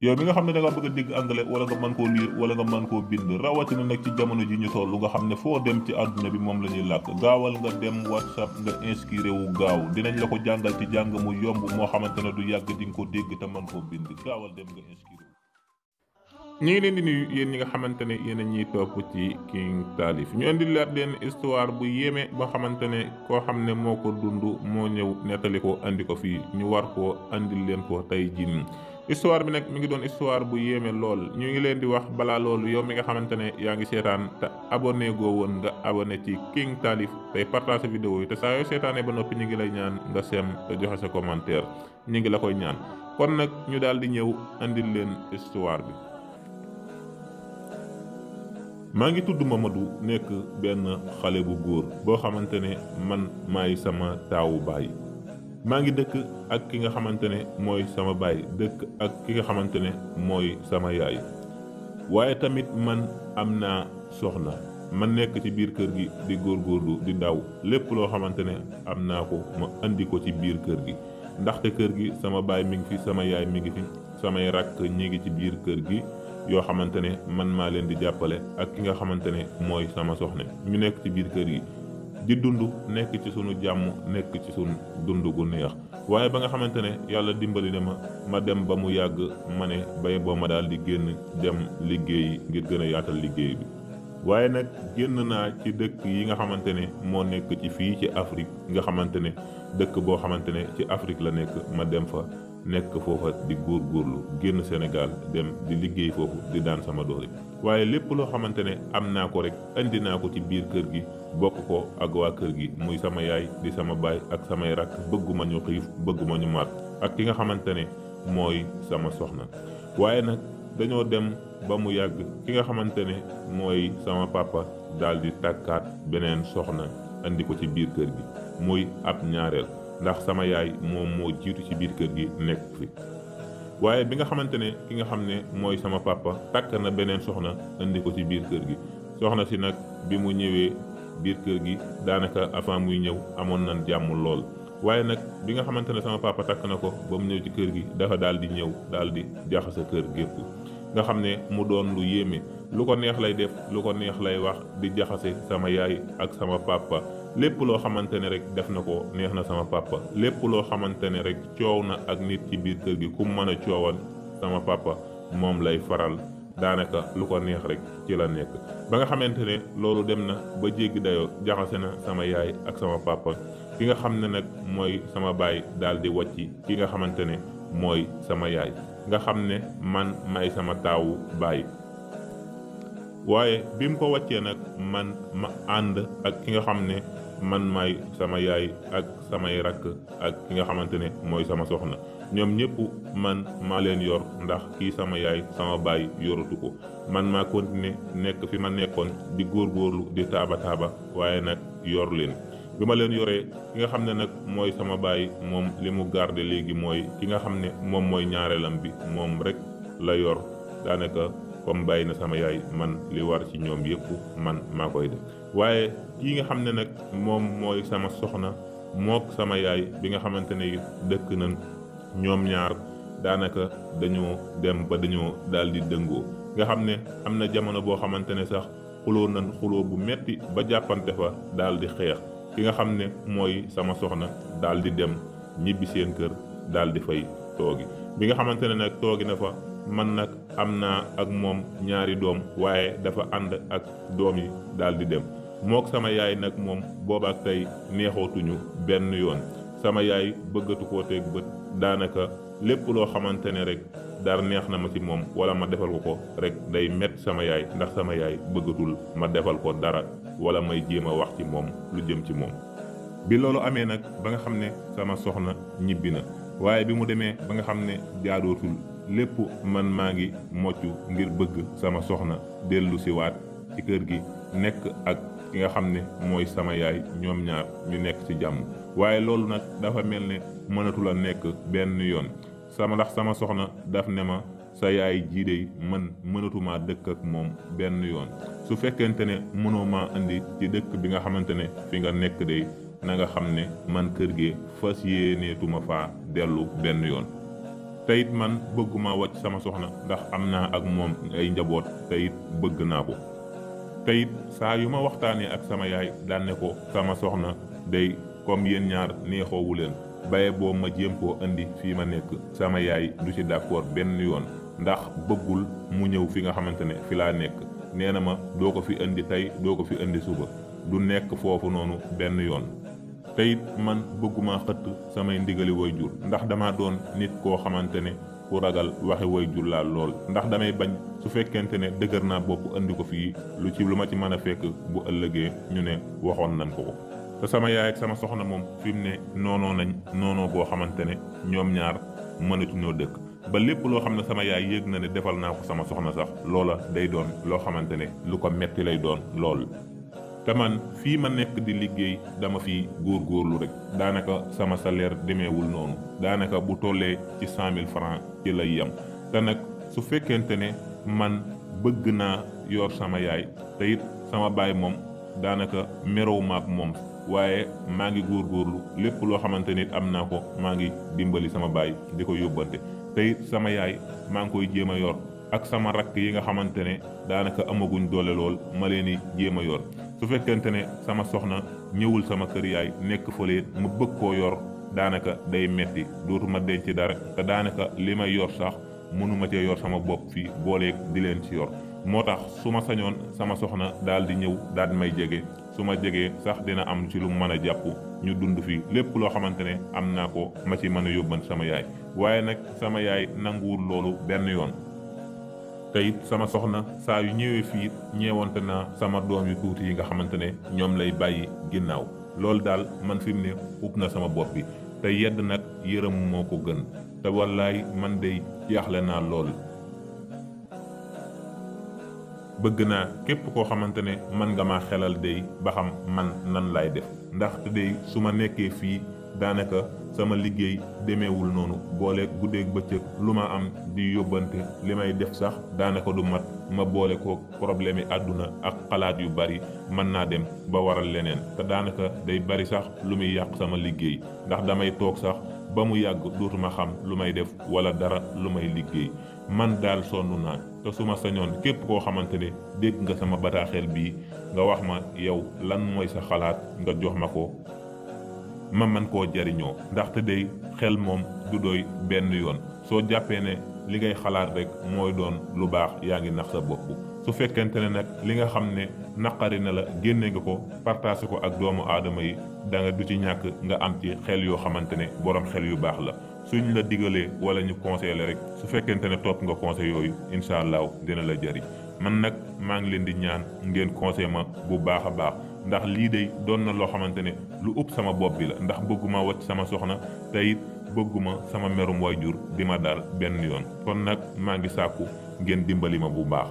yow bi nga xam ne da nga bëgg a dégg anglais wala nga man koo lire wala nga mën koo bind rawatina nag ci jamono ji ñu toll nga xam ne foo dem ci àdduna bi moom la ñuy làkk gaawal nga dem whatsapp nga inscrire wu gaaw dinañ la ko jàngal ci jàng mu yomb moo xamante ne du yàgg di nga ko dégg te mën koo bind gaawal dem nga inscrire ñu ngi leen di nuyu yéen ñi nga xamante ne yéen a ñuy topp ci King Taalif ñu indi laat leen histoire bu yéeme ba xamante ne koo xam ne moo ko moo ñëw nettali ko andi ko fii ñu war koo andil leen ko tey jii histoire bi nag mu ngi doon histoire bu yéeme lool ñu ngi leen di wax balaa loolu yow mi nga xamante ne yaa ngi seetaan te abonné goo woon nga abonné ci King Taalif tey partage vidéo yi te saa yoo seetaanee ba noppi ñu ngi lay ñaan nga sem te joxe sa commentaire ñu ngi la koy ñaan kon nag ñu daal di ñëw indi leen histoire bi. maa ngi tudd Mamadou nekk benn xale bu góor boo xamante ne man maay sama taawu baay. maa ngi dëkk ak ki nga xamante ne mooy sama baay dëkk ak ki nga xamante ne mooy sama yaay waaye tamit man am naa soxna man nekk ci biir kër gi di góorgóorlu di daw lépp loo xamante ne am naa ko ma indi ko ci biir kër gi ndaxte kër gi sama baay mi ngi ci sama yaay mi ngi fi samay rakk ñi ngi ci biir kër gi yoo xamante ne man maa leen di jàppale ak ki nga xamante ne mooy sama soxna ñu nekk ci biir kër gi di dund nekk ci sunu jàmm nekk ci sunu dund gu neex waaye ba nga xamante ne yàlla dimbali ne ma ma dem ba mu yàgg ma ne bay boo ma daal di génn dem liggéey ngir gën a yaatal liggéey bi waaye nag génn naa ci dëkk yi nga xamante ne moo nekk ci fii ci Afrique nga xamante ne dëkk boo xamante ne ci Afrique la nekk ma dem fa nekk foofa di góor góorlu génn Sénégal dem di liggéey foofu di daan sama doole waaye lépp loo xamante ne am naa ko rek andi naa ko ci biir kër gi bokk ko ak waa kër gi muy sama yaay di sama baay ak samay rakk bëgguma ñu xiif bëgguma ñu mar ak ki nga xamante ne mooy sama soxna waaye nag dañoo dem ba mu yàgg ki nga xamante ne mooy sama papa daal di tàkkaat beneen soxna indi ko ci biir kër gi muy ab ñaareel ndax sama yaay moom moo jiitu ci biir kër gi nekk fi waaye bi nga xamante ne ki nga xam ne mooy sama papa takk na beneen soxna indi ko ci biir kër gi soxna si nag bi mu ñëwee biir kër gi daanaka avant muy ñëw amoon nañ jàmm lool waaye nag bi nga xamante ne sama papa takk na ko ba mu ñëw kër gi dafa daal di ñëw daal di jaxase kër gépp nga xam ne mu doon lu yéeme lu ko neex lay def lu ko neex lay wax di jaxase sama yaay ak sama papa lépp loo xamante ne rek def na ko neex na sama papa lépp loo xamante ne rek coow na ak nit ci biir kër gi ku mën a coowal sama papa moom lay faral daanaka lu ko neex rek ci la nekk ba nga xamante ne loolu dem na ba jéggi dayoo jaxase na sama yaay ak sama papa ki nga xam ne nag mooy sama baay daal di wàcci ki nga xamante ne mooy sama yaay nga xam ne man may sama taawu baay waaye bi mu ko waccee nag man ma ànd ak ki nga xam ne man maay sama yaay ak samay rakk ak ki nga xamante ne mooy sama soxna ñoom ñëpp man maa leen yor ndax kii sama yaay sama baay yoratu ko man maa continuer nekk fi ma nekkoon di góor góorlu di taaba taaba waaye nag yor leen bi ma leen yoree ki nga xam ne nag mooy sama baay moom li mu garde léegi mooy ki nga xam ne moom mooy ñaareelam bi moom rek la yor daanaka comme bàyyi na sama yaay man li war ci ñoom yëpp man maa koy def waaye kii nga xam ne nag moom mooy sama soxna mook sama yaay bi nga xamante ne dëkk nañ ñoom ñaar daanaka dañoo dem ba dañoo daal di dëngoo nga xam ne am na jamono boo xamante ne sax xuloo nañ xuloo bu metti ba jàppante fa daal di xeex ki nga xam ne mooy sama soxna daal di dem ñibbi seen kër daal di fay toogi bi nga xamante ne nag toogi na fa man nag am naa ak moom ñaari doom waaye dafa ànd ak doom yi daal di dem mook sama yaay nag moom boobaak tey neexootuñu benn yoon sama yaay bëggatu koo teg bët daanaka lépp loo xamante ne rek dara neex na ma ci moom wala ma defal ko ko rek day met sama yaay ndax sama yaay bëggatul ma defal ko dara wala may jéem a wax ci moom lu jëm ci moom bi loolu amee nag ba nga xam ne sama soxna ñibbi na waaye bi mu demee ba nga xam ne jaadootul lépp man maa ngi moccu ngir bëgg sama soxna dellu si waat ci kër gi nekk ak ki nga xam ne mooy sama yaay ñoom ñaar ñu nekk ci jàmm waaye loolu nag dafa mel ne mënatul a nekk benn yoon sama ndax sama soxna daf ne ma sa yaay jii dey man mënatumaa dëkk ak moom benn yoon su fekkente ne mënoo maa indi ci dëkk bi nga xamante ne fi nga nekk dey na nga xam ne man kër gi fas yéeneetuma faa dellu benn yoon te it man bëgguma wacc sama soxna ndax am naa ak moom ay njaboot te bëgg naa ko te it saa yu ma waxtaanee ak sama yaay daan ne ko sama soxna day comme yéen ñaar neexoowu leen baye boo ma jéem koo indi fii ma nekk sama yaay du ci d'accord benn yoon ndax bëggul mu ñëw fi nga xamante ne fi laa nekk nee na ma doo ko fi indi tey doo ko fi indi suba du nekk foofu noonu benn yoon tey man bëgguma xëtt samay ndigali way jur ndax dama doon nit koo xamante ne ku ragal waxe way jur laa lool ndax damay bañ su fekkente ne dëgër naa bopp andi ko fii lu ci lu ma ci mën a fekk bu ëllëgee ñu ne waxoon nañ ko ko te sama yaay ak sama soxna moom fi mu ne noonoo nañ noonoo boo xamante ne ñoom ñaar mënatuñoo dëkk ba lépp loo xam ne sama yaay yéeg na ne defal naa ko sama soxna sax loola day doon loo xamante ne lu ko metti lay doon lool te man fii ma nekk di liggéey dama fi góorlu rek daanaka sama salaire demeewul noonu daanaka bu tollee ci cent mille francs ci lay yem te nag su fekkente ne man bëgg naa yor sama yaay te sama baay moom daanaka merow maak moom waaye maa ngi góor góorlu lépp loo xamante nit am naa ko maa ngi dimbali sama baay di ko yóbbante te sama yaay maa ngi koy jéem a yor ak sama rakk yi nga xamante ne daanaka amaguñ doole lool ma leen di jéem a yor su fekkente ne sama soxna ñëwul sama kër yaay nekk fële it mu bëgg koo yor daanaka day metti dootuma denc dara te daanaka li may yor sax mënuma cee yor sama bopp fii booleeg di leen ci yor moo tax su ma sañoon sama soxna daal di ñëw daal may jege su ma jegee sax dina am ci lu mu mën a jàpp ñu dund fii lépp loo xamante ne am naa ko ma ci mën a yóbban sama yaay waaye nag sama yaay nanguwul loolu benn yoon te sama soxna saa yu ñëwee fii ñeewante naa sama doom yu tuuti yi nga xamante ne ñoom lay bàyyi ginnaaw loolu daal man fim mu ne upp na sama bopp bi te yedd nag yërëm moo ko gën te wallaay man dey jaaxle naa lool. bëgg naa képp koo xamante ne man nga maa xelal dey ba xam man nan laay def ndaxte dey su ma nekkee fii. daanaka sama liggéey demeewul noonu boole guddeeg bëccëg lu ma am di yóbbante li may def sax daanaka du mat ma boole ko problème yi àdduna ak xalaat yu bari mën naa dem ba waral leneen te daanaka day bari sax lu muy yàq sama liggéey ndax damay toog sax ba mu yàgg dootuma xam lu may def wala dara lu may liggéey man daal sonn naa te su ma sañoon képp koo xamante ne dégg nga sama bataaxel bii nga wax ma yow lan mooy sa xalaat nga jox ma ko ma man koo jariñoo ndaxte day xel moom du doy benn yoon soo jàppee ne li ngay xalaat rek mooy doon lu baax yaa ngi nax sa bopp su fekkente ne nag li nga xam ne naqari na la génne nga ko partagé ko ak doomu aadama yi da nga du ci ñàkk nga am ci xel yoo xamante ne borom xel yu baax la suñ la digalee wala ñu conseillé rek su fekkente ne topp nga conseil yooyu incha allah dina la jari man nag maa ngi leen di ñaan ngeen conseil ma bu baax a baax. ndax lii de doon na loo xamante ne lu ëpp sama bopp bi la ndax bëgguma wacc sama soxna te it bëgguma sama merum jur di ma daal benn yoon kon nag maa ngi saaku ngeen dimbali ma bu baax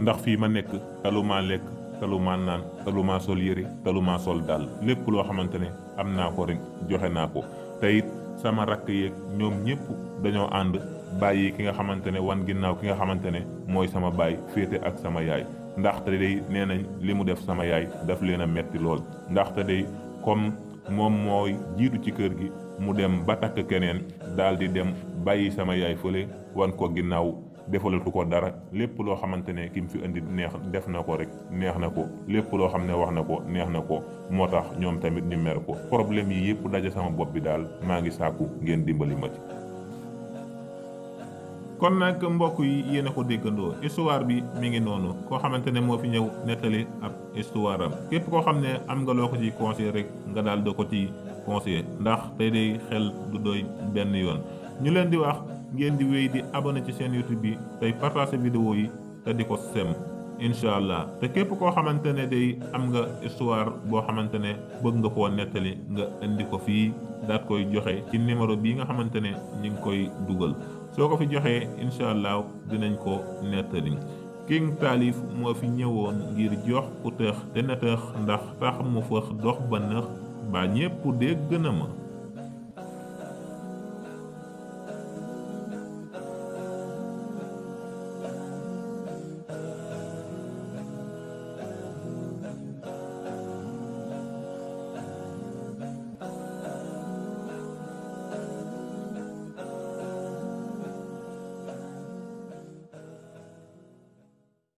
ndax fii ma nekk taluma lekk taluma naan taluma sol yëre taluma sol daal lépp loo xamante ne am naa ko rek joxe naa ko te it sama rakk yeeg ñoom ñëpp dañoo ànd bàyyi ki nga xamante ne wan ginnaaw ki nga xamante ne mooy sama baay féete ak sama yaay ndaxte day nee nañ li mu def sama yaay daf leen a metti lool ndaxte day comme moom mooy jiitu ci kër gi mu dem ba takk keneen daal di dem bàyyi sama yaay fële wan ko ginnaaw defalatu ko dara lépp loo xamante ne ki mu fi indi neex def na ko rek neex na ko lépp loo xam ne wax na ko neex na ko moo tax ñoom tamit ñu mer ko problème yii yëpp daje sama bopp bi daal maa ngi saaku ngeen dimbali ma ci. kon nag mbokk yi yéen a ko déggandoo histoire bi mi ngi noonu koo xamante ne moo fi ñëw nettali ab histoire am képp koo xam ne am nga loo ko ci conseil rek nga daal doo ko ci conseil ndax tey day xel du doy benn yoon ñu leen di wax ngeen di wéy di abonné ci seen YouTube bi tey partager vidéo yi te di ko sem incha allah te képp koo xamante ne day am nga histoire boo xamante ne bëgg nga koo nettali nga indi ko fii daat koy joxe ci numéro bii nga xamante ne ñu ngi koy dugal soo ko fi joxee incha allah dinañ ko nettali King Taalif moo fi ñëwoon ngir jox ku tëx te na ndax tax mu fëx dox ba nëx ba ñépp dégg na ma